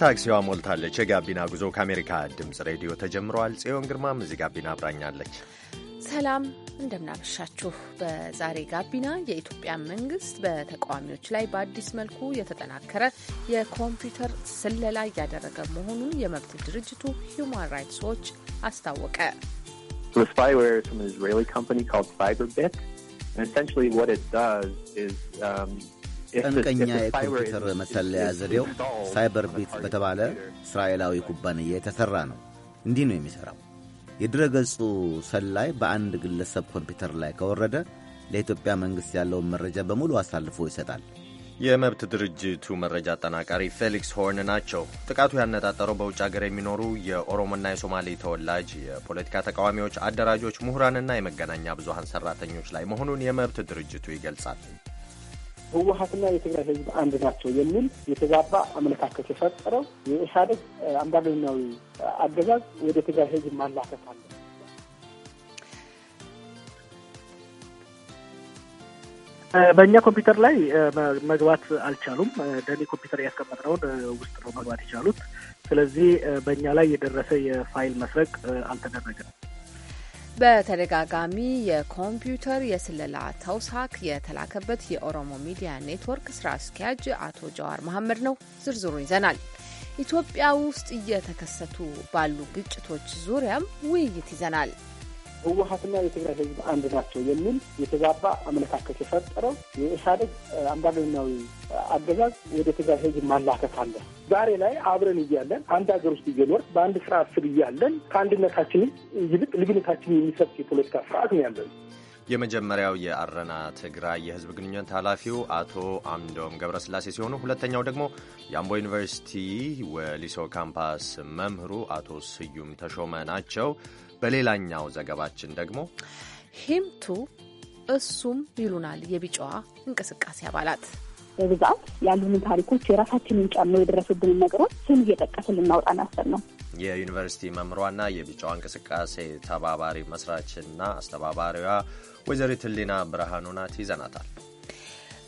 ታክሲዋ ሞልታለች። የጋቢና ጉዞ ከአሜሪካ ድምፅ ሬዲዮ ተጀምረዋል። ጽዮን ግርማም እዚህ ጋቢና አብራኛለች። ሰላም እንደምናመሻችሁ። በዛሬ ጋቢና የኢትዮጵያ መንግስት በተቃዋሚዎች ላይ በአዲስ መልኩ የተጠናከረ የኮምፒውተር ስለላ እያደረገ መሆኑን የመብት ድርጅቱ ሂዩማን ራይትስ ዎች አስታወቀ። ጠንቀኛ የኮምፒውተር መሰለያ ዘዴው ሳይበር ቢት በተባለ እስራኤላዊ ኩባንያ የተሠራ ነው። እንዲህ ነው የሚሠራው። የድረገጹ ሰላይ በአንድ ግለሰብ ኮምፒውተር ላይ ከወረደ ለኢትዮጵያ መንግሥት ያለውን መረጃ በሙሉ አሳልፎ ይሰጣል። የመብት ድርጅቱ መረጃ አጠናቃሪ ፌሊክስ ሆርን ናቸው። ጥቃቱ ያነጣጠረው በውጭ ሀገር የሚኖሩ የኦሮሞና የሶማሌ ተወላጅ የፖለቲካ ተቃዋሚዎች፣ አደራጆች፣ ምሁራንና የመገናኛ ብዙሃን ሰራተኞች ላይ መሆኑን የመብት ድርጅቱ ይገልጻል። ህወሀትና የትግራይ ህዝብ አንድ ናቸው የሚል የተዛባ አመለካከት የፈጠረው የኢህአዴግ አምባገነናዊ አገዛዝ ወደ ትግራይ ህዝብ ማላከት አለ። በእኛ ኮምፒውተር ላይ መግባት አልቻሉም። ደኔ ኮምፒውተር ያስቀመጥነውን ውስጥ ነው መግባት የቻሉት። ስለዚህ በእኛ ላይ የደረሰ የፋይል መስረቅ አልተደረገም። በተደጋጋሚ የኮምፒውተር የስለላ ተውሳክ የተላከበት የኦሮሞ ሚዲያ ኔትወርክ ስራ አስኪያጅ አቶ ጀዋር መሐመድ ነው። ዝርዝሩን ይዘናል። ኢትዮጵያ ውስጥ እየተከሰቱ ባሉ ግጭቶች ዙሪያም ውይይት ይዘናል። ህወሀትና የትግራይ ህዝብ አንድ ናቸው የሚል የተዛባ አመለካከት የፈጠረው የኢህአዴግ አምባገነናዊ አገዛዝ ወደ ትግራይ ህዝብ ማላከት አለ። ዛሬ ላይ አብረን እያለን አንድ ሀገር ውስጥ እየኖር በአንድ ስርዓት ስር እያለን ከአንድነታችን ይልቅ ልዩነታችን የሚሰብክ የፖለቲካ ስርዓት ነው ያለን። የመጀመሪያው የአረና ትግራይ የህዝብ ግንኙነት ኃላፊው አቶ አምዶም ገብረስላሴ ሲሆኑ ሁለተኛው ደግሞ የአምቦ ዩኒቨርሲቲ ወሊሶ ካምፓስ መምህሩ አቶ ስዩም ተሾመ ናቸው። በሌላኛው ዘገባችን ደግሞ ሂምቱ እሱም ይሉናል የቢጫዋ እንቅስቃሴ አባላት በብዛት ያሉንን ታሪኮች የራሳችንን ጨምሮ የደረሱብንን ነገሮች ስም እየጠቀስን ልናወጣ ናስር ነው። የዩኒቨርሲቲ መምሯና የቢጫዋ እንቅስቃሴ ተባባሪ መስራችና አስተባባሪዋ ወይዘሪት ሊና ብርሃኑ ናት። ይዘናታል።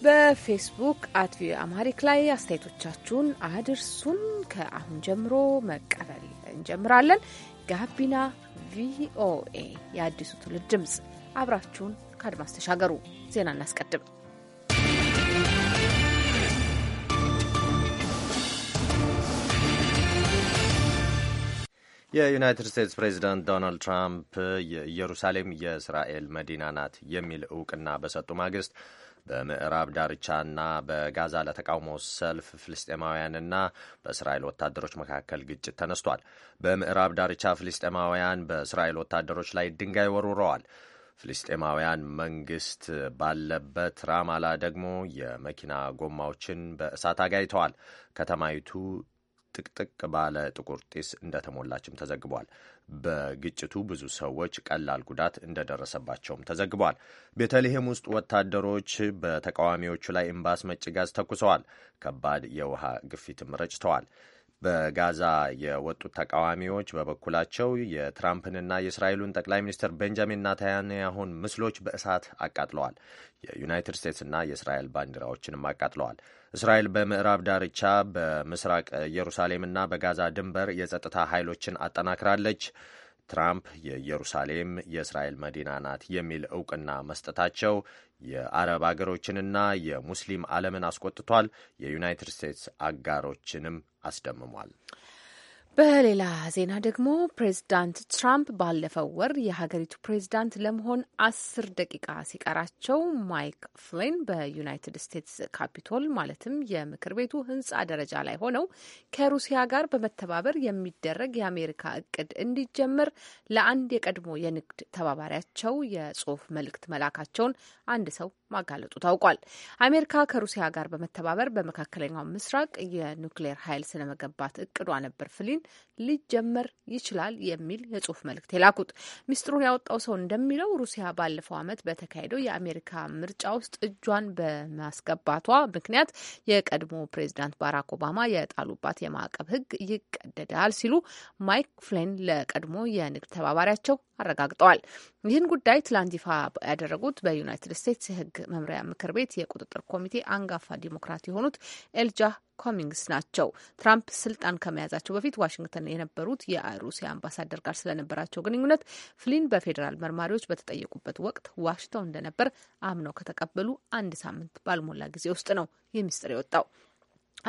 በፌስቡክ አት ቪኦኤ አማሪክ ላይ አስተያየቶቻችሁን አድርሱን። ከአሁን ጀምሮ መቀበል እንጀምራለን። ጋቢና ቪኦኤ የአዲሱ ትውልድ ድምፅ፣ አብራችሁን ከአድማስ ተሻገሩ። ዜና እናስቀድም። የዩናይትድ ስቴትስ ፕሬዚደንት ዶናልድ ትራምፕ ኢየሩሳሌም የእስራኤል መዲና ናት የሚል እውቅና በሰጡ ማግስት በምዕራብ ዳርቻና በጋዛ ለተቃውሞ ሰልፍ ፍልስጤማውያንና በእስራኤል ወታደሮች መካከል ግጭት ተነስቷል። በምዕራብ ዳርቻ ፍልስጤማውያን በእስራኤል ወታደሮች ላይ ድንጋይ ወርውረዋል። ፍልስጤማውያን መንግስት ባለበት ራማላ ደግሞ የመኪና ጎማዎችን በእሳት አጋይተዋል። ከተማይቱ ጥቅጥቅ ባለ ጥቁር ጢስ እንደተሞላችም ተዘግቧል። በግጭቱ ብዙ ሰዎች ቀላል ጉዳት እንደደረሰባቸውም ተዘግቧል። ቤተልሔም ውስጥ ወታደሮች በተቃዋሚዎቹ ላይ እምባስ መጭ ጋዝ ተኩሰዋል። ከባድ የውሃ ግፊትም ረጭተዋል። በጋዛ የወጡት ተቃዋሚዎች በበኩላቸው የትራምፕንና የእስራኤሉን ጠቅላይ ሚኒስትር ቤንጃሚን ናታንያሁን ምስሎች በእሳት አቃጥለዋል። የዩናይትድ ስቴትስና የእስራኤል ባንዲራዎችንም አቃጥለዋል። እስራኤል በምዕራብ ዳርቻ፣ በምስራቅ ኢየሩሳሌምና በጋዛ ድንበር የጸጥታ ኃይሎችን አጠናክራለች። ትራምፕ የኢየሩሳሌም የእስራኤል መዲና ናት የሚል እውቅና መስጠታቸው የአረብ አገሮችንና የሙስሊም ዓለምን አስቆጥቷል። የዩናይትድ ስቴትስ አጋሮችንም አስደምሟል። በሌላ ዜና ደግሞ ፕሬዚዳንት ትራምፕ ባለፈው ወር የሀገሪቱ ፕሬዚዳንት ለመሆን አስር ደቂቃ ሲቀራቸው ማይክ ፍሊን በዩናይትድ ስቴትስ ካፒቶል ማለትም የምክር ቤቱ ሕንጻ ደረጃ ላይ ሆነው ከሩሲያ ጋር በመተባበር የሚደረግ የአሜሪካ እቅድ እንዲጀመር ለአንድ የቀድሞ የንግድ ተባባሪያቸው የጽሁፍ መልእክት መላካቸውን አንድ ሰው ማጋለጡ ታውቋል። አሜሪካ ከሩሲያ ጋር በመተባበር በመካከለኛው ምስራቅ የኑክሌር ኃይል ስለመገንባት እቅዷ ነበር ፍሊን ሊጀመር ይችላል የሚል የጽሁፍ መልእክት የላኩት። ሚስጥሩን ያወጣው ሰው እንደሚለው ሩሲያ ባለፈው ዓመት በተካሄደው የአሜሪካ ምርጫ ውስጥ እጇን በማስገባቷ ምክንያት የቀድሞ ፕሬዚዳንት ባራክ ኦባማ የጣሉባት የማዕቀብ ሕግ ይቀደዳል ሲሉ ማይክ ፍሌን ለቀድሞ የንግድ ተባባሪያቸው አረጋግጠዋል። ይህን ጉዳይ ትላንት ይፋ ያደረጉት በዩናይትድ ስቴትስ የህግ መምሪያ ምክር ቤት የቁጥጥር ኮሚቴ አንጋፋ ዲሞክራት የሆኑት ኤልጃ ኮሚንግስ ናቸው። ትራምፕ ስልጣን ከመያዛቸው በፊት ዋሽንግተን የነበሩት የሩሲያ አምባሳደር ጋር ስለነበራቸው ግንኙነት ፍሊን በፌዴራል መርማሪዎች በተጠየቁበት ወቅት ዋሽተው እንደነበር አምነው ከተቀበሉ አንድ ሳምንት ባልሞላ ጊዜ ውስጥ ነው ይህ የወጣው።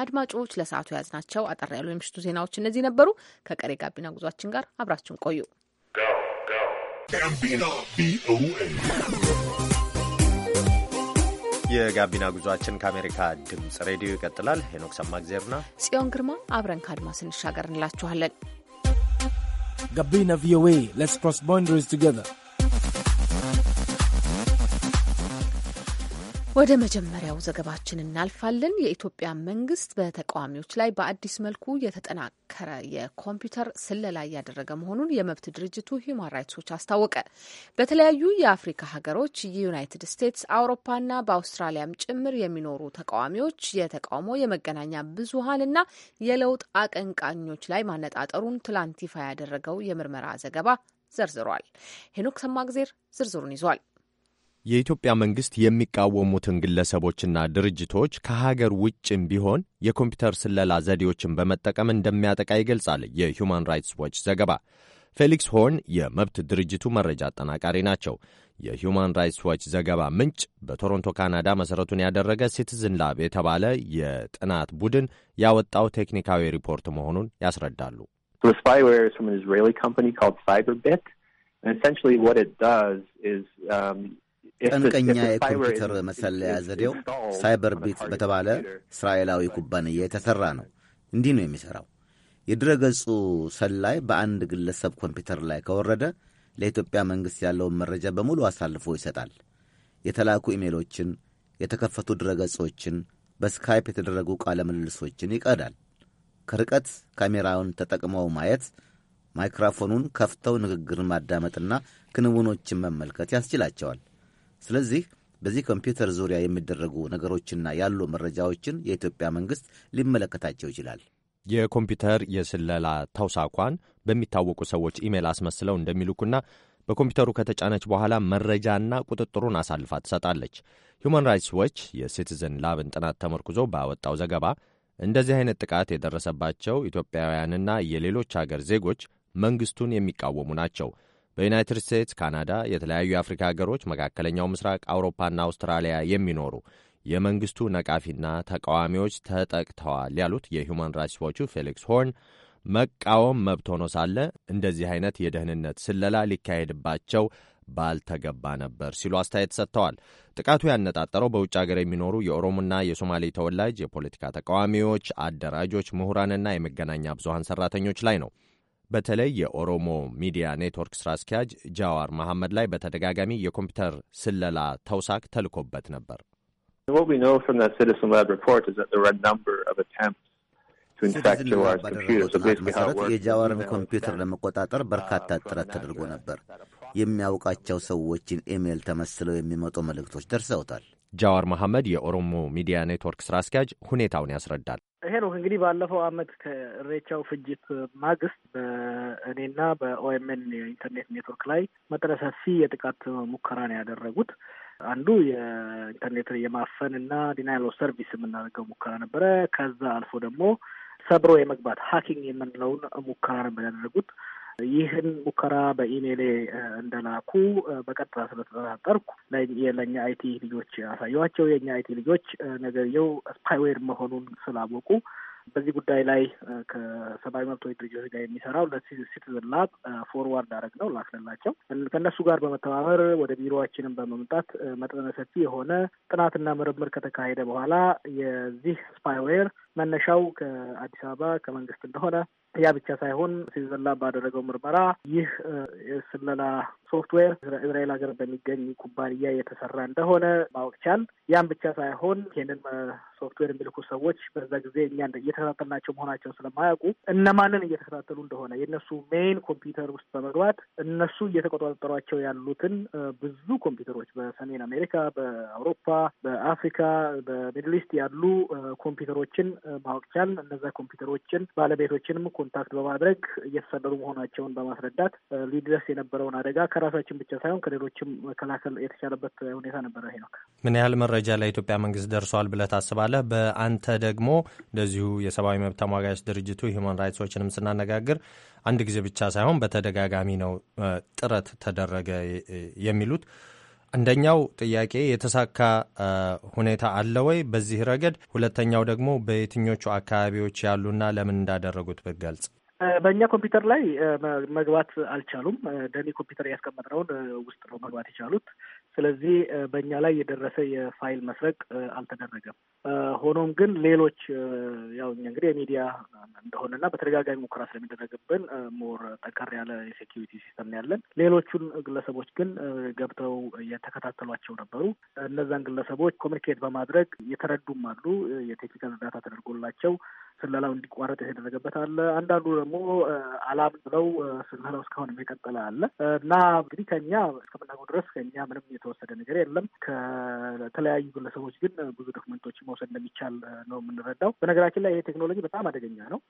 አድማጮች፣ ለሰዓቱ የያዝናቸው አጠር ያሉ የምሽቱ ዜናዎች እነዚህ ነበሩ። ከቀሪ ጋቢና ጉዟችን ጋር አብራችን ቆዩ። ጋቢና ቪኦኤ የጋቢና ጉዟችን ከአሜሪካ ድምፅ ሬዲዮ ይቀጥላል። ሄኖክ ሰማግዜርና ጽዮን ግርማ አብረን ከአድማስ እንሻገር እንላችኋለን። ጋቢና ቪኦኤ ሌትስ ክሮስ ባውንደሪስ ቱጌዘር ወደ መጀመሪያው ዘገባችን እናልፋለን። የኢትዮጵያ መንግስት በተቃዋሚዎች ላይ በአዲስ መልኩ የተጠናከረ የኮምፒውተር ስለላ እያደረገ መሆኑን የመብት ድርጅቱ ሂዩማን ራይትስ ዎች አስታወቀ። በተለያዩ የአፍሪካ ሀገሮች፣ የዩናይትድ ስቴትስ፣ አውሮፓና በአውስትራሊያም ጭምር የሚኖሩ ተቃዋሚዎች የተቃውሞ የመገናኛ ብዙሀንና የለውጥ አቀንቃኞች ላይ ማነጣጠሩን ትላንት ይፋ ያደረገው የምርመራ ዘገባ ዘርዝሯል። ሄኖክ ሰማግዜር ዝርዝሩን ይዟል። የኢትዮጵያ መንግሥት የሚቃወሙትን ግለሰቦችና ድርጅቶች ከሀገር ውጭም ቢሆን የኮምፒውተር ስለላ ዘዴዎችን በመጠቀም እንደሚያጠቃ ይገልጻል የሁማን ራይትስ ዎች ዘገባ። ፌሊክስ ሆርን የመብት ድርጅቱ መረጃ አጠናቃሪ ናቸው። የሁማን ራይትስ ዎች ዘገባ ምንጭ በቶሮንቶ ካናዳ መሠረቱን ያደረገ ሲቲዝን ላብ የተባለ የጥናት ቡድን ያወጣው ቴክኒካዊ ሪፖርት መሆኑን ያስረዳሉ። ጠንቀኛ የኮምፒውተር መሰለያ ዘዴው ሳይበር ቢት በተባለ እስራኤላዊ ኩባንያ የተሠራ ነው። እንዲህ ነው የሚሠራው። የድረገጹ ሰላይ በአንድ ግለሰብ ኮምፒውተር ላይ ከወረደ ለኢትዮጵያ መንግሥት ያለውን መረጃ በሙሉ አሳልፎ ይሰጣል። የተላኩ ኢሜሎችን፣ የተከፈቱ ገጾችን በስካይፕ የተደረጉ ቃለ ምልልሶችን ይቀዳል። ከርቀት ካሜራውን ተጠቅመው ማየት ማይክሮፎኑን ከፍተው ንግግርን ማዳመጥና ክንውኖችን መመልከት ያስችላቸዋል። ስለዚህ በዚህ ኮምፒውተር ዙሪያ የሚደረጉ ነገሮችና ያሉ መረጃዎችን የኢትዮጵያ መንግሥት ሊመለከታቸው ይችላል። የኮምፒውተር የስለላ ተውሳኳን በሚታወቁ ሰዎች ኢሜል አስመስለው እንደሚልኩና በኮምፒውተሩ ከተጫነች በኋላ መረጃና ቁጥጥሩን አሳልፋ ትሰጣለች። ሁማን ራይትስ ዎች የሲቲዝን ላብን ጥናት ተመርኩዞ ባወጣው ዘገባ እንደዚህ አይነት ጥቃት የደረሰባቸው ኢትዮጵያውያንና የሌሎች አገር ዜጎች መንግሥቱን የሚቃወሙ ናቸው። በዩናይትድ ስቴትስ፣ ካናዳ፣ የተለያዩ የአፍሪካ ሀገሮች፣ መካከለኛው ምስራቅ፣ አውሮፓና አውስትራሊያ የሚኖሩ የመንግስቱ ነቃፊና ተቃዋሚዎች ተጠቅተዋል ያሉት የሁማን ራይትስ ዋቹ ፌሊክስ ሆርን መቃወም መብት ሆኖ ሳለ እንደዚህ አይነት የደህንነት ስለላ ሊካሄድባቸው ባልተገባ ነበር ሲሉ አስተያየት ሰጥተዋል። ጥቃቱ ያነጣጠረው በውጭ ሀገር የሚኖሩ የኦሮሞና የሶማሌ ተወላጅ የፖለቲካ ተቃዋሚዎች፣ አደራጆች፣ ምሁራንና የመገናኛ ብዙሀን ሰራተኞች ላይ ነው። በተለይ የኦሮሞ ሚዲያ ኔትወርክ ስራ አስኪያጅ ጃዋር መሐመድ ላይ በተደጋጋሚ የኮምፒውተር ስለላ ተውሳክ ተልኮበት ነበር። መሰረት የጃዋርን ኮምፒውተር ለመቆጣጠር በርካታ ጥረት ተደርጎ ነበር። የሚያውቃቸው ሰዎችን ኢሜይል ተመስለው የሚመጡ መልእክቶች ደርሰውታል። ጃዋር መሐመድ የኦሮሞ ሚዲያ ኔትወርክ ስራ አስኪያጅ ሁኔታውን ያስረዳል። ይሄ ነው እንግዲህ ባለፈው አመት ከሬቻው ፍጅት ማግስት በእኔና በኦኤምኤን የኢንተርኔት ኔትወርክ ላይ መጠነ ሰፊ የጥቃት ሙከራ ነው ያደረጉት። አንዱ የኢንተርኔት የማፈን እና ዲናይል ኦፍ ሰርቪስ የምናደርገው ሙከራ ነበረ። ከዛ አልፎ ደግሞ ሰብሮ የመግባት ሀኪንግ የምንለውን ሙከራ ነበር ያደረጉት። ይህን ሙከራ በኢሜይሌ እንደላኩ በቀጥታ ስለተጠራጠርኩ ለእኛ አይቲ ልጆች ያሳየኋቸው። የእኛ አይቲ ልጆች ነገርየው ስፓይዌር መሆኑን ስላወቁ በዚህ ጉዳይ ላይ ከሰብአዊ መብቶች ድርጅቶች ጋር የሚሰራው ለሲቲዝን ላብ ፎርዋርድ አደረግ ነው ላክንላቸው። ከእነሱ ጋር በመተባበር ወደ ቢሮዋችንም በመምጣት መጠነ ሰፊ የሆነ ጥናትና ምርምር ከተካሄደ በኋላ የዚህ ስፓይዌር መነሻው ከአዲስ አበባ ከመንግስት እንደሆነ ያ ብቻ ሳይሆን ሲዘላ ባደረገው ምርመራ ይህ የስለላ ሶፍትዌር እስራኤል ሀገር በሚገኝ ኩባንያ የተሰራ እንደሆነ ማወቅ ቻል። ያም ብቻ ሳይሆን ይህንን ሶፍትዌር የሚልኩ ሰዎች በዛ ጊዜ እኛ እየተከታተልናቸው መሆናቸውን ስለማያውቁ እነማንን እየተከታተሉ እንደሆነ የእነሱ ሜይን ኮምፒውተር ውስጥ በመግባት እነሱ እየተቆጣጠሯቸው ያሉትን ብዙ ኮምፒውተሮች በሰሜን አሜሪካ፣ በአውሮፓ፣ በአፍሪካ፣ በሚድል ኢስት ያሉ ኮምፒውተሮችን ማወቅ ቻል። እነዛ ኮምፒውተሮችን ባለቤቶችንም ኮንታክት በማድረግ እየተሰደዱ መሆናቸውን በማስረዳት ሊድረስ የነበረውን አደጋ ከራሳችን ብቻ ሳይሆን ከሌሎችም መከላከል የተቻለበት ሁኔታ ነበረ። ሄኖክ፣ ምን ያህል መረጃ ለኢትዮጵያ መንግስት ደርሷል ብለህ ታስባለህ? በአንተ ደግሞ እንደዚሁ የሰብአዊ መብት ተሟጋች ድርጅቱ ሂውማን ራይትስ ዎችንም ስናነጋግር አንድ ጊዜ ብቻ ሳይሆን በተደጋጋሚ ነው ጥረት ተደረገ የሚሉት አንደኛው ጥያቄ የተሳካ ሁኔታ አለ ወይ በዚህ ረገድ? ሁለተኛው ደግሞ በየትኞቹ አካባቢዎች ያሉና ለምን እንዳደረጉት ብትገልጽ። በእኛ ኮምፒውተር ላይ መግባት አልቻሉም። ደኒ ኮምፒውተር ያስቀመጥነውን ውስጥ ነው መግባት የቻሉት። ስለዚህ በእኛ ላይ የደረሰ የፋይል መስረቅ አልተደረገም። ሆኖም ግን ሌሎች ያው እኛ እንግዲህ የሚዲያ እንደሆነና በተደጋጋሚ ሙከራ ስለሚደረግብን ሞር ጠንከር ያለ የሴኪሪቲ ሲስተም ያለን ሌሎቹን ግለሰቦች ግን ገብተው የተከታተሏቸው ነበሩ። እነዛን ግለሰቦች ኮሚኒኬት በማድረግ የተረዱም አሉ የቴክኒካል እርዳታ ተደርጎላቸው ስለላው እንዲቋረጥ የተደረገበት አለ። አንዳንዱ ደግሞ አላምን ብለው ስለላው እስካሁን የቀጠለ አለ እና እንግዲህ ከኛ እስከምናውቀው ድረስ ከኛ ምንም የተወሰደ ነገር የለም። ከተለያዩ ግለሰቦች ግን ብዙ ዶክመንቶች መውሰድ እንደሚቻል ነው የምንረዳው። በነገራችን ላይ ይሄ ቴክኖሎጂ በጣም አደገኛ ነው።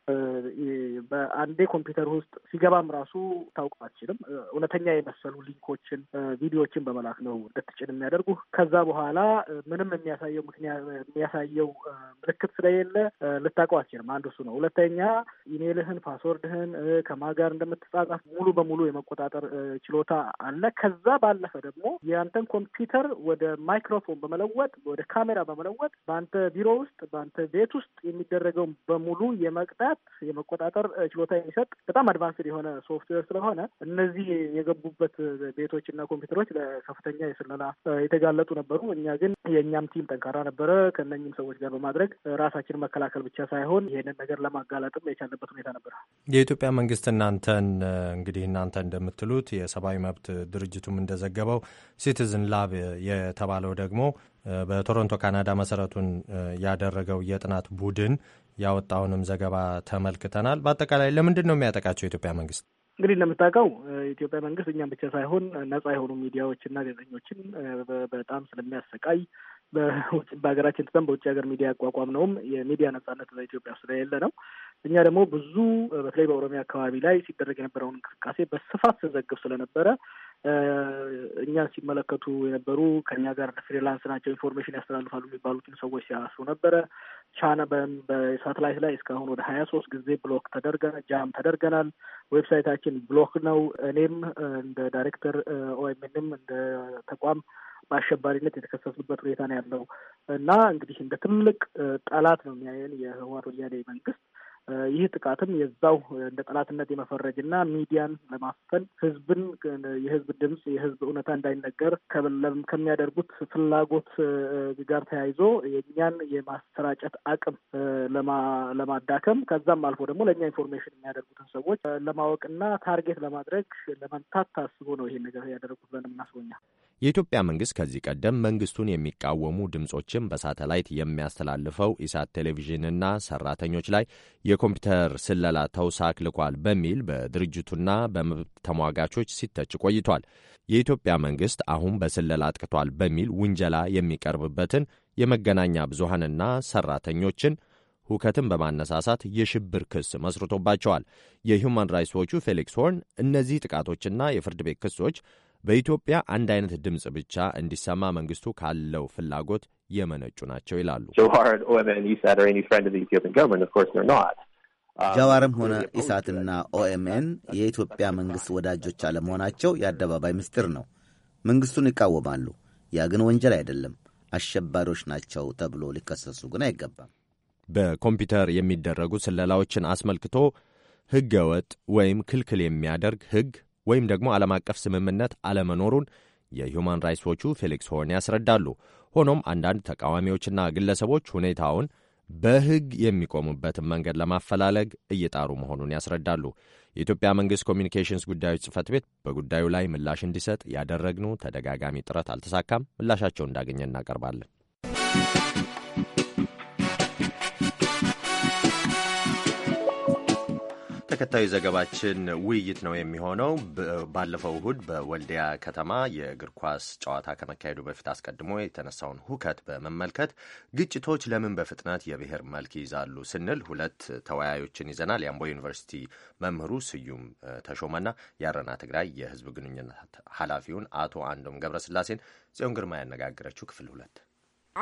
በአንዴ ኮምፒውተር ውስጥ ሲገባም ራሱ ታውቀው አትችልም። እውነተኛ የመሰሉ ሊንኮችን፣ ቪዲዮችን በመላክ ነው እንድትጭን የሚያደርጉ። ከዛ በኋላ ምንም የሚያሳየው ምክንያት የሚያሳየው ምልክት ስለሌለ ልታውቀው አትችልም። አይችልም። አንዱ እሱ ነው። ሁለተኛ ኢሜልህን፣ ፓስወርድህን ከማ ጋር እንደምትጻጻፍ ሙሉ በሙሉ የመቆጣጠር ችሎታ አለ። ከዛ ባለፈ ደግሞ የአንተን ኮምፒውተር ወደ ማይክሮፎን በመለወጥ ወደ ካሜራ በመለወጥ በአንተ ቢሮ ውስጥ በአንተ ቤት ውስጥ የሚደረገውን በሙሉ የመቅዳት የመቆጣጠር ችሎታ የሚሰጥ በጣም አድቫንስድ የሆነ ሶፍትዌር ስለሆነ እነዚህ የገቡበት ቤቶችና ኮምፒውተሮች ለከፍተኛ የስለላ የተጋለጡ ነበሩ። እኛ ግን የእኛም ቲም ጠንካራ ነበረ። ከነኝም ሰዎች ጋር በማድረግ ራሳችን መከላከል ብቻ ሳይሆን ይሄንን ነገር ለማጋለጥም የቻለበት ሁኔታ ነበር። የኢትዮጵያ መንግስት እናንተን እንግዲህ እናንተ እንደምትሉት የሰብአዊ መብት ድርጅቱም እንደዘገበው ሲቲዝን ላብ የተባለው ደግሞ በቶሮንቶ ካናዳ መሰረቱን ያደረገው የጥናት ቡድን ያወጣውንም ዘገባ ተመልክተናል። በአጠቃላይ ለምንድን ነው የሚያጠቃቸው የኢትዮጵያ መንግስት? እንግዲህ እንደምታውቀው የኢትዮጵያ መንግስት እኛም ብቻ ሳይሆን ነጻ የሆኑ ሚዲያዎችና ጋዜጠኞችን በጣም ስለሚያሰቃይ በሀገራችን ትተን በውጭ ሀገር ሚዲያ ያቋቋም ነውም የሚዲያ ነጻነት በኢትዮጵያ ስለሌለ ነው። እኛ ደግሞ ብዙ በተለይ በኦሮሚያ አካባቢ ላይ ሲደረግ የነበረውን እንቅስቃሴ በስፋት ስንዘግብ ስለነበረ እኛን ሲመለከቱ የነበሩ ከኛ ጋር ፍሪላንስ ናቸው ኢንፎርሜሽን ያስተላልፋሉ የሚባሉትን ሰዎች ሲያስሩ ነበረ። ቻና በሳተላይት ላይ እስካሁን ወደ ሀያ ሶስት ጊዜ ብሎክ ተደርገናል፣ ጃም ተደርገናል። ዌብሳይታችን ብሎክ ነው። እኔም እንደ ዳይሬክተር ኦኤምንም እንደ ተቋም በአሸባሪነት የተከሰሱበት ሁኔታ ነው ያለው እና እንግዲህ እንደ ትልቅ ጠላት ነው የሚያየን የህወሓት ወያኔ መንግስት ይህ ጥቃትም የዛው እንደ ጠላትነት የመፈረጅና ሚዲያን ለማፈን ህዝብን የህዝብ ድምፅ የህዝብ እውነታ እንዳይነገር ከሚያደርጉት ፍላጎት ጋር ተያይዞ የእኛን የማሰራጨት አቅም ለማዳከም ከዛም አልፎ ደግሞ ለእኛ ኢንፎርሜሽን የሚያደርጉትን ሰዎች ለማወቅና ታርጌት ለማድረግ ለመምታት ታስቦ ነው ይሄን ነገር ያደረጉት ብለን እናስቦኛል። የኢትዮጵያ መንግሥት ከዚህ ቀደም መንግሥቱን የሚቃወሙ ድምፆችን በሳተላይት የሚያስተላልፈው ኢሳት ቴሌቪዥንና ሰራተኞች ላይ የኮምፒውተር ስለላ ተውሳክ ልኳል በሚል በድርጅቱና በመብት ተሟጋቾች ሲተች ቆይቷል። የኢትዮጵያ መንግሥት አሁን በስለላ አጥቅቷል በሚል ውንጀላ የሚቀርብበትን የመገናኛ ብዙሃንና ሰራተኞችን ሁከትን በማነሳሳት የሽብር ክስ መስርቶባቸዋል። የሁማን ራይትስ ዎቹ ፌሊክስ ሆርን እነዚህ ጥቃቶችና የፍርድ ቤት ክሶች በኢትዮጵያ አንድ አይነት ድምፅ ብቻ እንዲሰማ መንግስቱ ካለው ፍላጎት የመነጩ ናቸው ይላሉ። um, ጃዋርም ሆነ ኢሳትና ኦኤምኤን የኢትዮጵያ መንግሥት ወዳጆች አለመሆናቸው የአደባባይ ምስጢር ነው። መንግሥቱን ይቃወማሉ። ያ ግን ወንጀል አይደለም። አሸባሪዎች ናቸው ተብሎ ሊከሰሱ ግን አይገባም። በኮምፒውተር የሚደረጉ ስለላዎችን አስመልክቶ ሕገ ወጥ ወይም ክልክል የሚያደርግ ሕግ ወይም ደግሞ ዓለም አቀፍ ስምምነት አለመኖሩን የሁማን ራይትስ ዎቹ ፌሊክስ ሆርን ያስረዳሉ። ሆኖም አንዳንድ ተቃዋሚዎችና ግለሰቦች ሁኔታውን በሕግ የሚቆሙበትን መንገድ ለማፈላለግ እየጣሩ መሆኑን ያስረዳሉ። የኢትዮጵያ መንግሥት ኮሚኒኬሽንስ ጉዳዮች ጽፈት ቤት በጉዳዩ ላይ ምላሽ እንዲሰጥ ያደረግነው ተደጋጋሚ ጥረት አልተሳካም። ምላሻቸውን እንዳገኘ እናቀርባለን። ተከታዩ ዘገባችን ውይይት ነው የሚሆነው። ባለፈው እሁድ በወልዲያ ከተማ የእግር ኳስ ጨዋታ ከመካሄዱ በፊት አስቀድሞ የተነሳውን ሁከት በመመልከት ግጭቶች ለምን በፍጥነት የብሔር መልክ ይይዛሉ ስንል ሁለት ተወያዮችን ይዘናል። የአምቦ ዩኒቨርሲቲ መምህሩ ስዩም ተሾመና የአረና ትግራይ የህዝብ ግንኙነት ኃላፊውን አቶ አንዶም ገብረስላሴን ጽዮን ግርማ ያነጋገረችው ክፍል ሁለት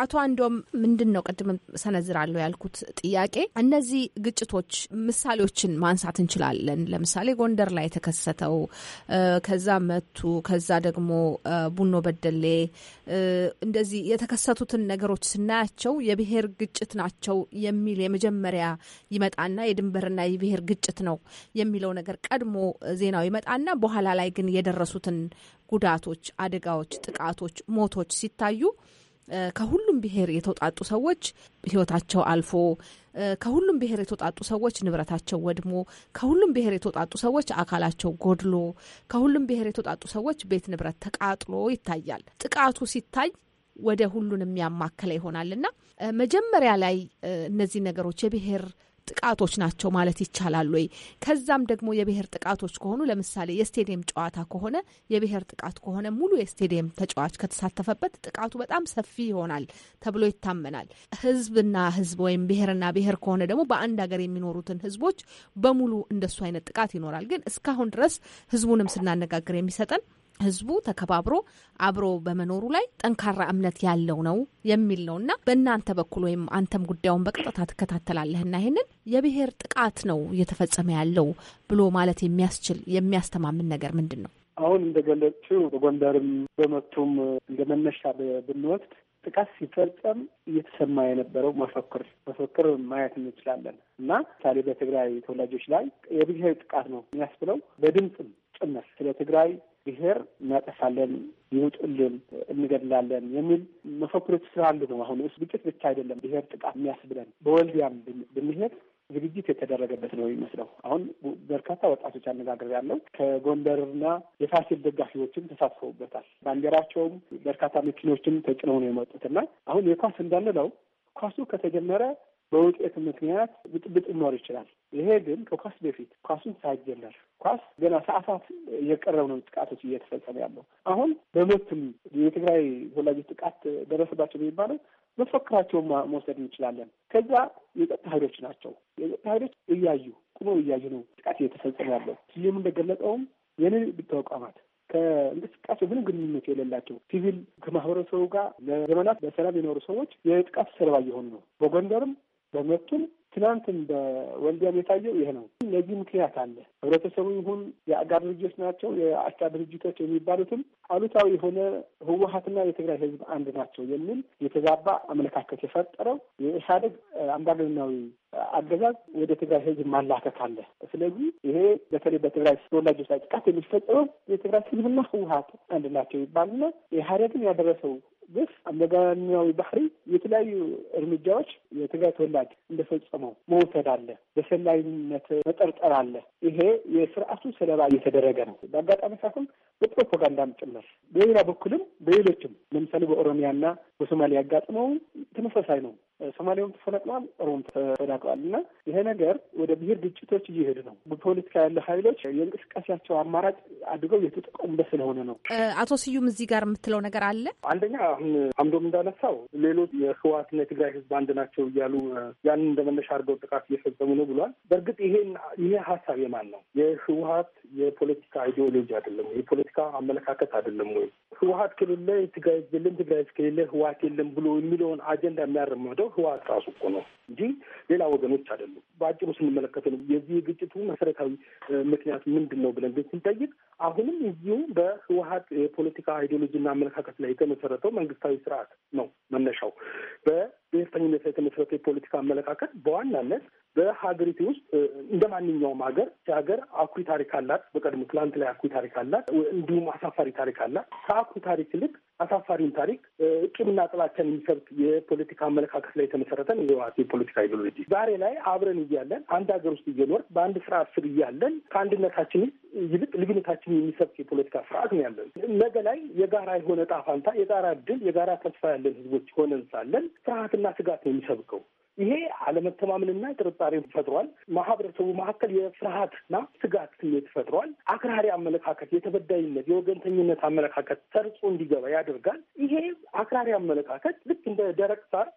አቶ አንዶም ምንድን ነው ቅድም ሰነዝራለሁ ያልኩት ጥያቄ እነዚህ ግጭቶች ምሳሌዎችን ማንሳት እንችላለን። ለምሳሌ ጎንደር ላይ የተከሰተው ከዛ መቱ፣ ከዛ ደግሞ ቡኖ በደሌ እንደዚህ የተከሰቱትን ነገሮች ስናያቸው የብሔር ግጭት ናቸው የሚል የመጀመሪያ ይመጣና የድንበርና የብሔር ግጭት ነው የሚለው ነገር ቀድሞ ዜናው ይመጣና በኋላ ላይ ግን የደረሱትን ጉዳቶች፣ አደጋዎች፣ ጥቃቶች፣ ሞቶች ሲታዩ ከሁሉም ብሔር የተውጣጡ ሰዎች ህይወታቸው አልፎ ከሁሉም ብሔር የተውጣጡ ሰዎች ንብረታቸው ወድሞ ከሁሉም ብሔር የተውጣጡ ሰዎች አካላቸው ጎድሎ ከሁሉም ብሔር የተውጣጡ ሰዎች ቤት ንብረት ተቃጥሎ ይታያል። ጥቃቱ ሲታይ ወደ ሁሉን የሚያማከለ ይሆናልና መጀመሪያ ላይ እነዚህ ነገሮች የብሔር ጥቃቶች ናቸው ማለት ይቻላል ወይ? ከዛም ደግሞ የብሔር ጥቃቶች ከሆኑ ለምሳሌ የስቴዲየም ጨዋታ ከሆነ የብሔር ጥቃት ከሆነ ሙሉ የስቴዲየም ተጫዋች ከተሳተፈበት ጥቃቱ በጣም ሰፊ ይሆናል ተብሎ ይታመናል። ህዝብና ህዝብ ወይም ብሔርና ብሔር ከሆነ ደግሞ በአንድ ሀገር የሚኖሩትን ህዝቦች በሙሉ እንደሱ አይነት ጥቃት ይኖራል። ግን እስካሁን ድረስ ህዝቡንም ስናነጋግር የሚሰጠን ህዝቡ ተከባብሮ አብሮ በመኖሩ ላይ ጠንካራ እምነት ያለው ነው የሚል ነው እና በእናንተ በኩል ወይም አንተም ጉዳዩን በቀጥታ ትከታተላለህና ይህንን የብሔር ጥቃት ነው እየተፈጸመ ያለው ብሎ ማለት የሚያስችል የሚያስተማምን ነገር ምንድን ነው? አሁን እንደገለጽሽው በጎንደርም በመቱም እንደ መነሻ ብንወስድ ጥቃት ሲፈጸም እየተሰማ የነበረው መፈክር መፈክር ማየት እንችላለን እና ምሳሌ በትግራይ ተወላጆች ላይ የብሔር ጥቃት ነው የሚያስብለው በድምፅም ጭምር ስለ ትግራይ ብሔር እናጠፋለን፣ ይውጡልን፣ እንገድላለን የሚል መፈክሮች ስላሉ ነው። አሁን እሱ ግጭት ብቻ አይደለም ብሔር ጥቃት የሚያስብለን። በወልዲያም ብንሄድ ዝግጅት የተደረገበት ነው የሚመስለው። አሁን በርካታ ወጣቶች አነጋገር ያለው ከጎንደርና የፋሲል ደጋፊዎችም ተሳትፈውበታል። ባንዲራቸውም በርካታ መኪኖችም ተጭነው ነው የመጡትና አሁን የኳስ እንዳንለው ኳሱ ከተጀመረ በውጤት ምክንያት ብጥብጥ ሊኖር ይችላል። ይሄ ግን ከኳስ በፊት ኳሱን ሳይጀመር ኳስ ገና ሰዓታት እየቀረብ ነው ጥቃቶች እየተፈጸመ ያለው አሁን በመትም የትግራይ ወላጆች ጥቃት ደረሰባቸው የሚባለው መፈክራቸውን መውሰድ እንችላለን። ከዛ የጸጥታ ኃይሎች ናቸው። የጸጥታ ኃይሎች እያዩ ቁሞ እያዩ ነው ጥቃት እየተፈጸመ ያለው። ስዩም እንደገለጸውም የንግድ ተቋማት ከእንቅስቃሴ ምንም ግንኙነት የሌላቸው ሲቪል ከማህበረሰቡ ጋር ለዘመናት በሰላም የኖሩ ሰዎች የጥቃት ሰለባ እየሆኑ ነው። በጎንደርም በመብቱም ትናንትም በወልዲያም የታየው ይህ ነው። ለዚህ ምክንያት አለ። ህብረተሰቡ ይሁን የአጋር ድርጅቶች ናቸው የአቻ ድርጅቶች የሚባሉትም አሉታዊ የሆነ ህወሀትና የትግራይ ህዝብ አንድ ናቸው የሚል የተዛባ አመለካከት የፈጠረው የኢህአዴግ አምባገነናዊ አገዛዝ ወደ ትግራይ ህዝብ ማላከት አለ። ስለዚህ ይሄ በተለይ በትግራይ ተወላጆች ላይ ጥቃት የሚፈጸመው የትግራይ ህዝብና ህወሀት አንድ ናቸው ይባልና ኢህአዴግን ያደረሰው ግፍ አመጋኛዊ ባህሪ የተለያዩ እርምጃዎች የትግራይ ተወላጅ እንደፈጸመው መውሰድ አለ፣ በሰላይነት መጠርጠር አለ። ይሄ የስርዓቱ ሰለባ እየተደረገ ነው። በአጋጣሚ ሳይሆን በፕሮፓጋንዳም ጭምር። በሌላ በኩልም በሌሎችም ለምሳሌ በኦሮሚያና በሶማሊያ ያጋጥመውን ተመሳሳይ ነው። ሶማሌውም ተፈናቅሏል፣ ኦሮሞም ተፈናቅሏል እና ይሄ ነገር ወደ ብሄር ግጭቶች እየሄዱ ነው። በፖለቲካ ያለ ሀይሎች የእንቅስቃሴያቸው አማራጭ አድገው የተጠቀሙበት ስለሆነ ነው። አቶ ስዩም እዚህ ጋር የምትለው ነገር አለ። አንደኛ አሁን አምዶም እንዳነሳው ሌሎች የህወሓትና የትግራይ ህዝብ አንድ ናቸው እያሉ ያንን እንደመነሻ አድርገው ጥቃት እየፈጸሙ ነው ብሏል። በእርግጥ ይሄን ይሄ ሀሳብ የማን ነው? የህወሓት የፖለቲካ አይዲዮሎጂ አይደለም፣ የፖለቲካ አመለካከት አይደለም ወይ ህወሓት ላይ ትግራይ የለም፣ ትግራይ ከሌለ ህወሓት የለም ብሎ የሚለውን አጀንዳ የሚያረመደው ያለው ህወሓት ራሱ እኮ ነው እንጂ ሌላ ወገኖች አይደሉም። በአጭሩ ስንመለከት ነው የዚህ ግጭቱ መሰረታዊ ምክንያት ምንድን ነው ብለን ግን ስንጠይቅ አሁንም እዚሁ በህወሓት የፖለቲካ አይዲዮሎጂና አመለካከት ላይ የተመሰረተው መንግስታዊ ስርዓት ነው መነሻው። በብሔርተኝነት ላይ የተመሰረተ የፖለቲካ አመለካከት በዋናነት በሀገሪቱ ውስጥ እንደ ማንኛውም ሀገር ሀገር አኩሪ ታሪክ አላት። በቀድሞ ትላንት ላይ አኩሪ ታሪክ አላት፣ እንዲሁም አሳፋሪ ታሪክ አላት። ከአኩሪ ታሪክ ይልቅ አሳፋሪን ታሪክ እቂምና ጥላቻን የሚሰብክ የፖለቲካ አመለካከት ላይ የተመሰረተን የህወሓት የፖለቲካ ኢዲሎጂ ዛሬ ላይ አብረን እያለን አንድ ሀገር ውስጥ እየኖር በአንድ ስርዓት ስር እያለን ከአንድነታችን ይልቅ ልዩነታችን የሚሰብክ የፖለቲካ ስርዓት ነው ያለን። ነገ ላይ የጋራ የሆነ ጣፋንታ የጋራ እድል፣ የጋራ ተስፋ ያለን ህዝቦች ሆነን ሳለን ስርዓትና ፍርሃትና ስጋት ነው የሚሰብከው። ይሄ አለመተማመንና ጥርጣሬ ፈጥሯል። ማህበረሰቡ መካከል የፍርሃትና ስጋት ስሜት ፈጥሯል። አክራሪ አመለካከት፣ የተበዳይነት፣ የወገንተኝነት አመለካከት ሰርጾ እንዲገባ ያደርጋል። ይሄ አክራሪ አመለካከት ልክ እንደ ደረቅ ሳር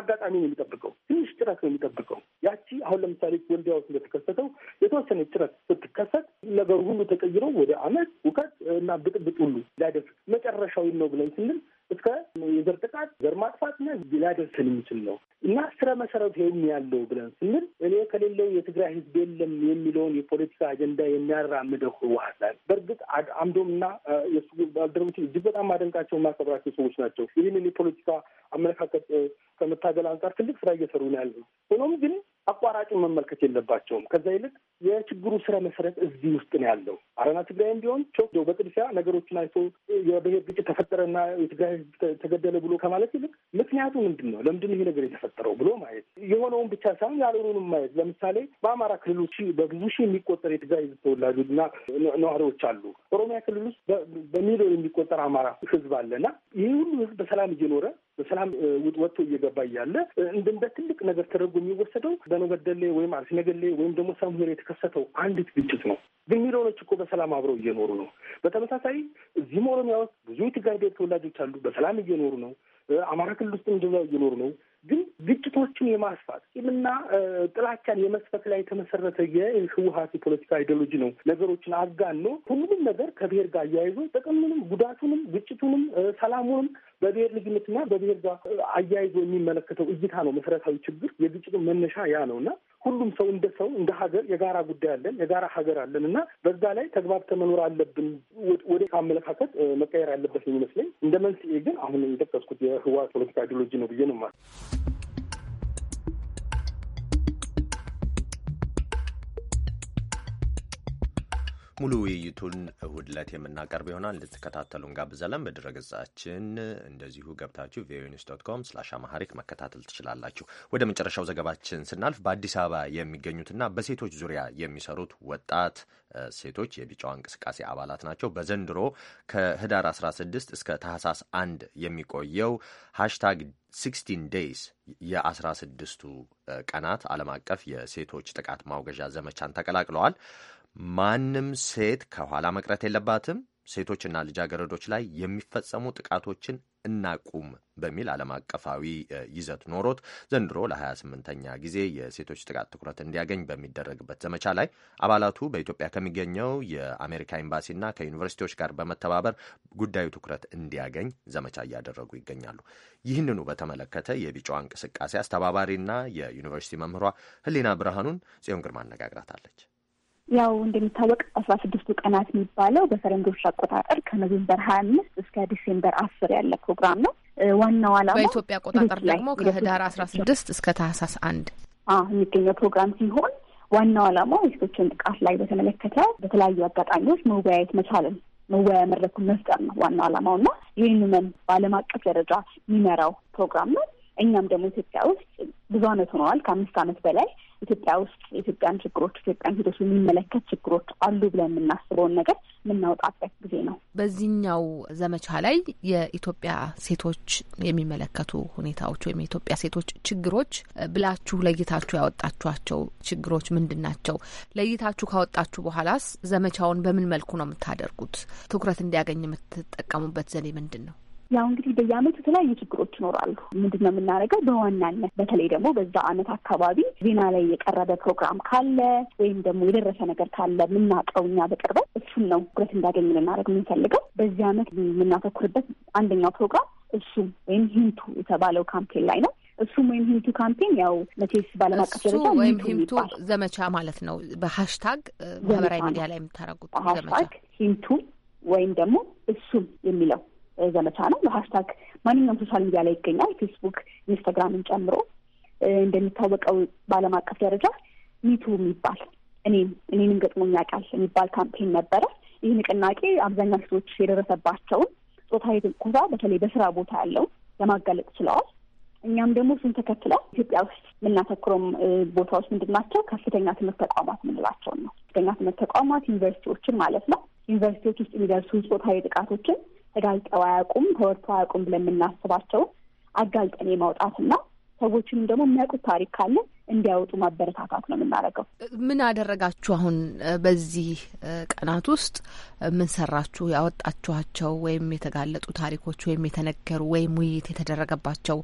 አጋጣሚ ነው የሚጠብቀው። ትንሽ ጭረት ነው የሚጠብቀው። ያቺ አሁን ለምሳሌ ወልዲያ ውስጥ እንደተከሰተው የተወሰነ ጭረት ስትከሰት ነገሩ ሁሉ ተቀይሮ ወደ አመት፣ እውቀት እና ብጥብጥ ሁሉ ሊያደርስ መጨረሻዊ ነው ብለን ስንል እስከ የዘር ጥቃት ዘር ማጥፋት ሊያደርስን የሚችል ነው እና ስረ መሰረት ይህም ያለው ብለን ስንል እኔ ከሌለው የትግራይ ህዝብ የለም የሚለውን የፖለቲካ አጀንዳ የሚያራምደው ህወሀት በእርግጥ አምዶም እና የሱ ባልደረቦች እጅግ በጣም ማደንቃቸው የማከብራቸው ሰዎች ናቸው። ይህንን የፖለቲካ አመለካከት ከመታገል አንጻር ትልቅ ስራ እየሰሩ ነው ያለ። ሆኖም ግን አቋራጩን መመልከት የለባቸውም። ከዛ ይልቅ የችግሩ ስረ መሰረት እዚህ ውስጥ ነው ያለው። አረና ትግራይም ቢሆን ቾዶ በቅድሚያ ነገሮችን አይቶ የብሔር ግጭት ተፈጠረና የትግራይ ህዝብ ተገደለ ብሎ ከማለት ይልቅ ምክንያቱ ምንድን ነው፣ ለምንድን ይሄ ነገር የተፈጠረው ብሎ ማየት፣ የሆነውን ብቻ ሳይሆን ያልሆኑንም ማየት። ለምሳሌ በአማራ ክልሎች በብዙ ሺህ የሚቆጠር የትግራይ ህዝብ ተወላጆችና ነዋሪዎች አሉ። ኦሮሚያ ክልል ውስጥ በሚሊዮን የሚቆጠር አማራ ህዝብ አለና ይህ ሁሉ ህዝብ በሰላም እየኖረ በሰላም ወጥቶ እየገባ እያለ እንደ ትልቅ ነገር ተደርጎ የሚወሰደው በኖበደሌ ወይም አርሲነገሌ ወይም ደግሞ ሳምሁር የተከሰተው አንዲት ግጭት ነው። ግን ሚሊዮኖች እኮ በሰላም አብረው እየኖሩ ነው። በተመሳሳይ እዚህም ኦሮሚያ ውስጥ ብዙ የትግራይ ብሔር ተወላጆች አሉ፣ በሰላም እየኖሩ ነው። አማራ ክልል ውስጥ እንደዛ እየኖሩ ነው። ግን ግጭቶችን የማስፋት ቂምና ጥላቻን የመስፈት ላይ የተመሰረተ የህወሀት የፖለቲካ አይዲዮሎጂ ነው። ነገሮችን አጋኖ ሁሉም ነገር ከብሔር ጋር አያይዞ ጥቅምንም፣ ጉዳቱንም፣ ግጭቱንም፣ ሰላሙንም በብሔር ልዩነትና በብሔር ጋር አያይዞ የሚመለከተው እይታ ነው መሰረታዊ ችግር። የግጭቱ መነሻ ያ ነው እና ሁሉም ሰው እንደ ሰው እንደ ሀገር የጋራ ጉዳይ አለን፣ የጋራ ሀገር አለን እና በዛ ላይ ተግባብተ መኖር አለብን። ወደ አመለካከት መቀየር ያለበት የሚመስለኝ እንደ መንስኤ ግን አሁን የጠቀስኩት የህወሓት ፖለቲካ አይዲዮሎጂ ነው ብዬ ነው ማለት ሙሉ ውይይቱን እሁድ ዕለት የምናቀርብ ይሆናል። እንድትከታተሉ እንጋብዛለን። ገጻችን እንደዚሁ ገብታችሁ ቪኦኤ ኒውስ ዶት ኮም ስላሽ አማሃሪክ መከታተል ትችላላችሁ። ወደ መጨረሻው ዘገባችን ስናልፍ በአዲስ አበባ የሚገኙትና በሴቶች ዙሪያ የሚሰሩት ወጣት ሴቶች የቢጫዋ እንቅስቃሴ አባላት ናቸው። በዘንድሮ ከህዳር 16 እስከ ታህሳስ አንድ የሚቆየው ሃሽታግ 16 ዴይስ የአስራ ስድስቱ ቀናት ዓለም አቀፍ የሴቶች ጥቃት ማውገዣ ዘመቻን ተቀላቅለዋል። ማንም ሴት ከኋላ መቅረት የለባትም፣ ሴቶችና ልጃገረዶች ላይ የሚፈጸሙ ጥቃቶችን እናቁም በሚል ዓለም አቀፋዊ ይዘት ኖሮት ዘንድሮ ለ28ኛ ጊዜ የሴቶች ጥቃት ትኩረት እንዲያገኝ በሚደረግበት ዘመቻ ላይ አባላቱ በኢትዮጵያ ከሚገኘው የአሜሪካ ኤምባሲና ከዩኒቨርሲቲዎች ጋር በመተባበር ጉዳዩ ትኩረት እንዲያገኝ ዘመቻ እያደረጉ ይገኛሉ። ይህንኑ በተመለከተ የቢጫዋ እንቅስቃሴ አስተባባሪና የዩኒቨርሲቲ መምህሯ ህሊና ብርሃኑን ጽዮን ግርማ አነጋግራታለች። ያው እንደሚታወቅ አስራ ስድስቱ ቀናት የሚባለው በፈረንጆች አቆጣጠር ከኖቬምበር ሀያ አምስት እስከ ዲሴምበር አስር ያለ ፕሮግራም ነው። ዋናው አላማ በኢትዮጵያ አቆጣጠር ደግሞ ከህዳር አስራ ስድስት እስከ ታህሳስ አንድ የሚገኘው ፕሮግራም ሲሆን ዋናው አላማው የሴቶችን ጥቃት ላይ በተመለከተ በተለያዩ አጋጣሚዎች መወያየት መቻልን መወያያ መድረኩን መፍጠር ነው ዋናው አላማው እና ይህንንም በዓለም አቀፍ ደረጃ የሚመራው ፕሮግራም ነው። እኛም ደግሞ ኢትዮጵያ ውስጥ ብዙ አመት ሆነዋል። ከአምስት ዓመት በላይ ኢትዮጵያ ውስጥ የኢትዮጵያን ችግሮች ኢትዮጵያን ሂደት የሚመለከት ችግሮች አሉ ብለን የምናስበውን ነገር የምናወጣበት ጊዜ ነው። በዚህኛው ዘመቻ ላይ የኢትዮጵያ ሴቶች የሚመለከቱ ሁኔታዎች ወይም የኢትዮጵያ ሴቶች ችግሮች ብላችሁ ለይታችሁ ያወጣችኋቸው ችግሮች ምንድን ናቸው? ለይታችሁ ካወጣችሁ በኋላስ ዘመቻውን በምን መልኩ ነው የምታደርጉት? ትኩረት እንዲያገኝ የምትጠቀሙበት ዘዴ ምንድን ነው? ያው እንግዲህ በየአመቱ የተለያዩ ችግሮች ይኖራሉ። ምንድን ነው የምናደርገው? በዋናነት በተለይ ደግሞ በዛ አመት አካባቢ ዜና ላይ የቀረበ ፕሮግራም ካለ ወይም ደግሞ የደረሰ ነገር ካለ የምናውቀው እኛ በቅርበት እሱን ነው ትኩረት እንዳገኝ ልናደርግ የምንፈልገው። በዚህ አመት የምናተኩርበት አንደኛው ፕሮግራም እሱም ወይም ሂንቱ የተባለው ካምፔን ላይ ነው። እሱም ወይም ሂንቱ ካምፔን ያው መቼስ ባለም አቀፍ ደረጃ ወይም ዘመቻ ማለት ነው። በሀሽታግ ማህበራዊ ሚዲያ ላይ የምታደረጉት ዘመቻ ሂንቱ ወይም ደግሞ እሱም የሚለው ዘመቻ ነው። በሀሽታግ ማንኛውም ሶሻል ሚዲያ ላይ ይገኛል፣ ፌስቡክ፣ ኢንስታግራምን ጨምሮ። እንደሚታወቀው በዓለም አቀፍ ደረጃ ሚቱ የሚባል እኔም እኔንም ገጥሞኝ ያውቃል የሚባል ካምፔን ነበረ። ይህ ንቅናቄ አብዛኛው ሴቶች የደረሰባቸውን ጾታዊ ትንኮሳ በተለይ በስራ ቦታ ያለው ለማጋለጥ ችለዋል። እኛም ደግሞ እሱን ተከትለው ኢትዮጵያ ውስጥ የምናተኩረውም ቦታዎች ምንድን ናቸው? ከፍተኛ ትምህርት ተቋማት የምንላቸውን ነው። ከፍተኛ ትምህርት ተቋማት ዩኒቨርሲቲዎችን ማለት ነው። ዩኒቨርሲቲዎች ውስጥ የሚደርሱ ጾታዊ ጥቃቶችን ተጋልጠው አያውቁም፣ ተወርቶ አያውቁም ብለን የምናስባቸውን አጋልጠን የማውጣትና ሰዎችንም ደግሞ የሚያውቁት ታሪክ ካለ እንዲያወጡ ማበረታታት ነው የምናደርገው። ምን አደረጋችሁ? አሁን በዚህ ቀናት ውስጥ ምን ሰራችሁ? ያወጣችኋቸው ወይም የተጋለጡ ታሪኮች ወይም የተነገሩ ወይም ውይይት የተደረገባቸው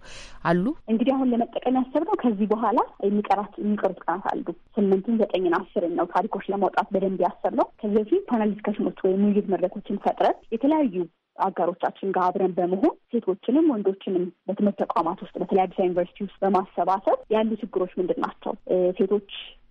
አሉ? እንግዲህ አሁን ለመጠቀም ያሰብነው ከዚህ በኋላ የሚቀራት የሚቀሩት ቀናት አሉ። ስምንትን፣ ዘጠኝን፣ አስርን ነው ታሪኮች ለማውጣት በደንብ ያሰብነው። ከዚህ በፊት ፓናል ዲስከሽኖች ወይም ውይይት መድረኮችን ፈጥረን የተለያዩ አጋሮቻችን ጋር አብረን በመሆን ሴቶችንም ወንዶችንም በትምህርት ተቋማት ውስጥ በተለይ አዲስ ዩኒቨርሲቲ ውስጥ በማሰባሰብ ያሉ ችግሮች ምንድን ናቸው፣ ሴቶች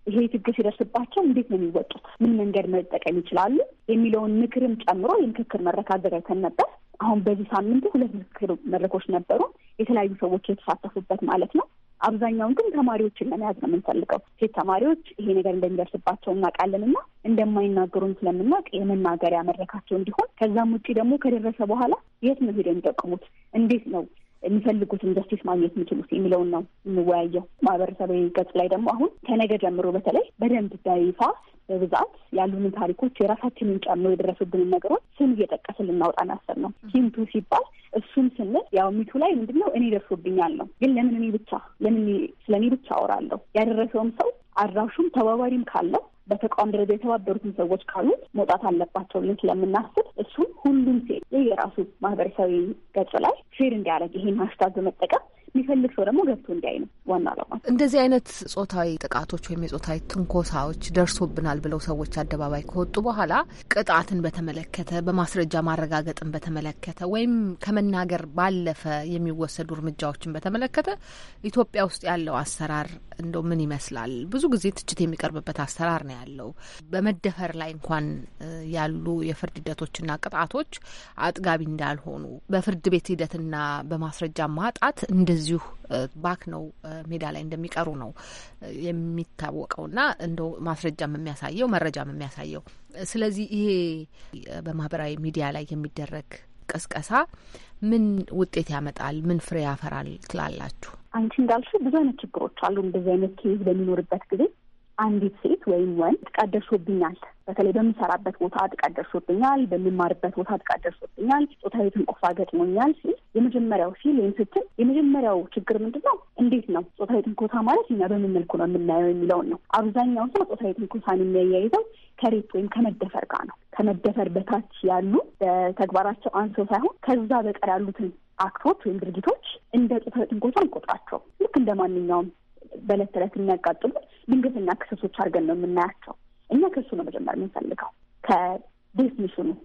ይሄ ችግር ሲደርስባቸው እንዴት ነው የሚወጡት፣ ምን መንገድ መጠቀም ይችላሉ የሚለውን ምክርም ጨምሮ የምክክር መድረክ አዘጋጅተን ነበር። አሁን በዚህ ሳምንቱ ሁለት ምክክር መድረኮች ነበሩ፣ የተለያዩ ሰዎች የተሳተፉበት ማለት ነው። አብዛኛውን ግን ተማሪዎችን ለመያዝ ነው የምንፈልገው። ሴት ተማሪዎች ይሄ ነገር እንደሚደርስባቸው እናውቃለን እና እንደማይናገሩን ስለምናውቅ የመናገሪያ መድረካቸው እንዲሆን ከዛም ውጭ ደግሞ ከደረሰ በኋላ የት ነው ሄደው የሚጠቅሙት? እንዴት ነው የሚፈልጉትን ጀስቲስ ማግኘት የሚችሉት የሚለውን ነው የምወያየው። ማህበረሰባዊ ገጽ ላይ ደግሞ አሁን ከነገ ጀምሮ በተለይ በደንብ በይፋ በብዛት ያሉንን ታሪኮች የራሳችንን ጨምሮ የደረሱብንን ነገሮች ስም እየጠቀስን ልናወጣ ናሰብ ነው። ሂንቱ ሲባል እሱም ስንል ያው ሚቱ ላይ ምንድነው እኔ ደርሶብኛል ነው። ግን ለምን እኔ ብቻ ለምን ስለ እኔ ብቻ አወራለሁ? ያደረሰውም ሰው አድራሹም ተባባሪም ካለው በተቋም ደረጃ የተባበሩትን ሰዎች ካሉ መውጣት አለባቸው ብለን ስለምናስብ እሱም ሁሉም ሴት የራሱ ማህበረሰባዊ ገጽ ላይ ሼር እንዲያደርግ ይሄን ሀሽታግ በመጠቀም የሚፈልግ ሰው ደግሞ ገብቶ እንዲያይ ነው ዋና አላማ። እንደዚህ አይነት ጾታዊ ጥቃቶች ወይም የጾታዊ ትንኮሳዎች ደርሶብናል ብለው ሰዎች አደባባይ ከወጡ በኋላ ቅጣትን በተመለከተ በማስረጃ ማረጋገጥን በተመለከተ ወይም ከመናገር ባለፈ የሚወሰዱ እርምጃዎችን በተመለከተ ኢትዮጵያ ውስጥ ያለው አሰራር እንደው ምን ይመስላል? ብዙ ጊዜ ትችት የሚቀርብበት አሰራር ነው ያለው። በመደፈር ላይ እንኳን ያሉ የፍርድ ሂደቶችና ቅጣቶች አጥጋቢ እንዳልሆኑ በፍርድ ቤት ሂደትና በማስረጃ ማጣት እንደ እዚሁ ባክ ነው ሜዳ ላይ እንደሚቀሩ ነው የሚታወቀው ና እንደ ማስረጃም የሚያሳየው መረጃም የሚያሳየው። ስለዚህ ይሄ በማህበራዊ ሚዲያ ላይ የሚደረግ ቀስቀሳ ምን ውጤት ያመጣል? ምን ፍሬ ያፈራል ትላላችሁ? አንቺ እንዳልሽ ብዙ አይነት ችግሮች አሉ። እንደዚህ አይነት ኬዝ በሚኖርበት ጊዜ አንዲት ሴት ወይም ወንድ ቀደሾብኛል በተለይ በምሰራበት ቦታ ጥቃት ደርሶብኛል፣ በሚማርበት ቦታ ጥቃት ደርሶብኛል፣ ጾታዊ ትንኮሳ ገጥሞኛል ሲል የመጀመሪያው ሲል ወይም ስትል የመጀመሪያው ችግር ምንድን ነው? እንዴት ነው ጾታዊ ትንኮሳ ማለት እኛ በምን መልኩ ነው የምናየው የሚለውን ነው። አብዛኛው ሰው ጾታዊ ትንኮሳን የሚያያይዘው ከሬት ወይም ከመደፈር ጋር ነው። ከመደፈር በታች ያሉ በተግባራቸው አንሰው ሳይሆን ከዛ በቀር ያሉትን አክቶች ወይም ድርጊቶች እንደ ጾታዊ ትንኮሳ እንቆጥራቸው ልክ እንደ ማንኛውም በዕለት ተዕለት የሚያጋጥሙ ድንገተኛ ክስተቶች አድርገን ነው የምናያቸው። እኛ ከሱ ነው መጀመር የምንፈልገው ነው።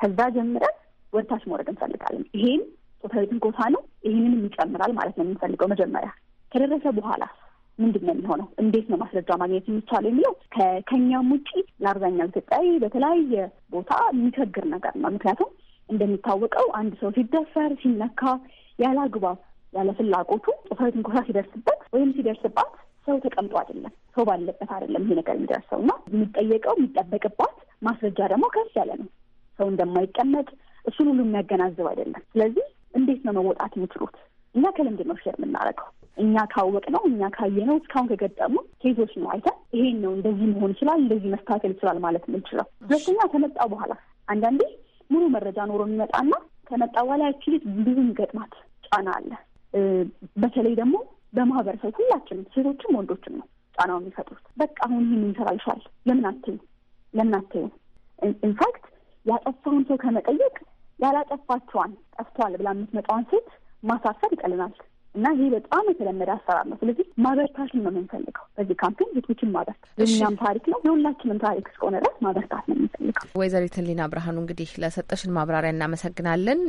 ከዛ ጀምረን ወደታች መውረድ እንፈልጋለን። ይሄን ጾታዊ ትንኮሳ ነው፣ ይህንንም ይጨምራል ማለት ነው የምንፈልገው። መጀመሪያ ከደረሰ በኋላ ምንድን ነው የሚሆነው? እንዴት ነው ማስረጃ ማግኘት የሚቻለው የሚለው ከኛም ውጭ ለአብዛኛው ኢትዮጵያዊ በተለያየ ቦታ የሚቸግር ነገር ነው። ምክንያቱም እንደሚታወቀው አንድ ሰው ሲደፈር፣ ሲነካ ያለ አግባብ ያለ ፍላጎቱ ጾታዊ ትንኮሳ ሲደርስበት ወይም ሲደርስባት ሰው ተቀምጦ አይደለም፣ ሰው ባለበት አይደለም ይሄ ነገር የሚደርሰው እና የሚጠየቀው የሚጠበቅባት ማስረጃ ደግሞ ከፍ ያለ ነው። ሰው እንደማይቀመጥ እሱን ሁሉ የሚያገናዝብ አይደለም። ስለዚህ እንዴት ነው መወጣት የሚችሉት? እኛ ከልምድ ነው ሼር የምናደርገው። እኛ ካወቅ ነው እኛ ካየ ነው እስካሁን ከገጠሙ ኬዞች ነው አይተን ይሄን ነው እንደዚህ መሆን ይችላል እንደዚህ መስተካከል ይችላል ማለት የምንችለው። ሁለተኛ ከመጣ በኋላ አንዳንዴ ሙሉ መረጃ ኖሮ የሚመጣና ከመጣ በኋላ ያችልት ብዙ የሚገጥማት ጫና አለ። በተለይ ደግሞ በማህበረሰብ ሁላችንም ሴቶችም ወንዶችም ነው ጫናው የሚፈጥሩት። በቃ አሁን ይህን እንሰራልሻል ለምን አትዩ ለምን ኢንፋክት ያጠፋውን ሰው ከመጠየቅ ያላጠፋቸዋን ጠፍቷል ብላ የምትመጣዋን ሴት ማሳሰብ ይቀልናል። እና ይህ በጣም የተለመደ አሰራር ነው። ስለዚህ ማበርታት ነው የምንፈልገው በዚህ ካምፔን ሴቶችን ማበርታት እኛም ታሪክ ነው የሁላችንም ታሪክ እስከሆነ ድረስ ማበርታት ነው የምንፈልገው። ወይዘሪት ህሊና ብርሃኑ እንግዲህ ለሰጠሽን ማብራሪያ እናመሰግናለን።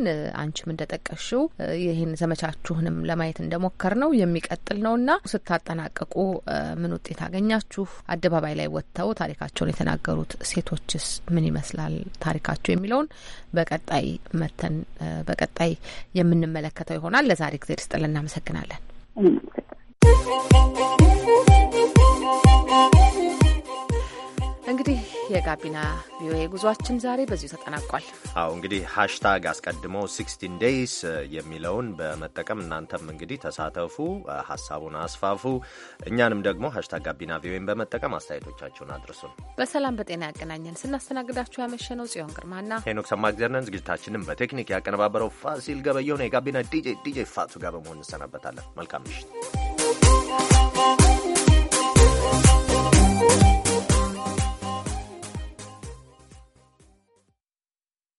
አንቺም እንደጠቀሽው ይህን ዘመቻችሁንም ለማየት እንደሞከር ነው የሚቀጥል ነው እና ስታጠናቀቁ ምን ውጤት አገኛችሁ? አደባባይ ላይ ወጥተው ታሪካቸውን የተናገሩት ሴቶችስ ምን ይመስላል ታሪካቸው የሚለውን በቀጣይ መተን በቀጣይ የምንመለከተው ይሆናል። ለዛሬ ጊዜ ርስጥ እናመሰግናለን። እንግዲህ የጋቢና ቪኦኤ ጉዟችን ዛሬ በዚሁ ተጠናቋል። አዎ እንግዲህ ሀሽታግ አስቀድሞ ሲክስቲን ዴይስ የሚለውን በመጠቀም እናንተም እንግዲህ ተሳተፉ፣ ሀሳቡን አስፋፉ። እኛንም ደግሞ ሀሽታግ ጋቢና ቪኦኤን በመጠቀም አስተያየቶቻችሁን አድርሱን። በሰላም በጤና ያገናኘን። ስናስተናግዳችሁ ያመሸነው ጽዮን ግርማና ሄኖክ ሰማግዘርነን። ዝግጅታችንም በቴክኒክ ያቀነባበረው ፋሲል ገበየውን የጋቢና ዲጄ ዲጄ ፋቱ ጋር በመሆን እንሰናበታለን። መልካም ምሽት።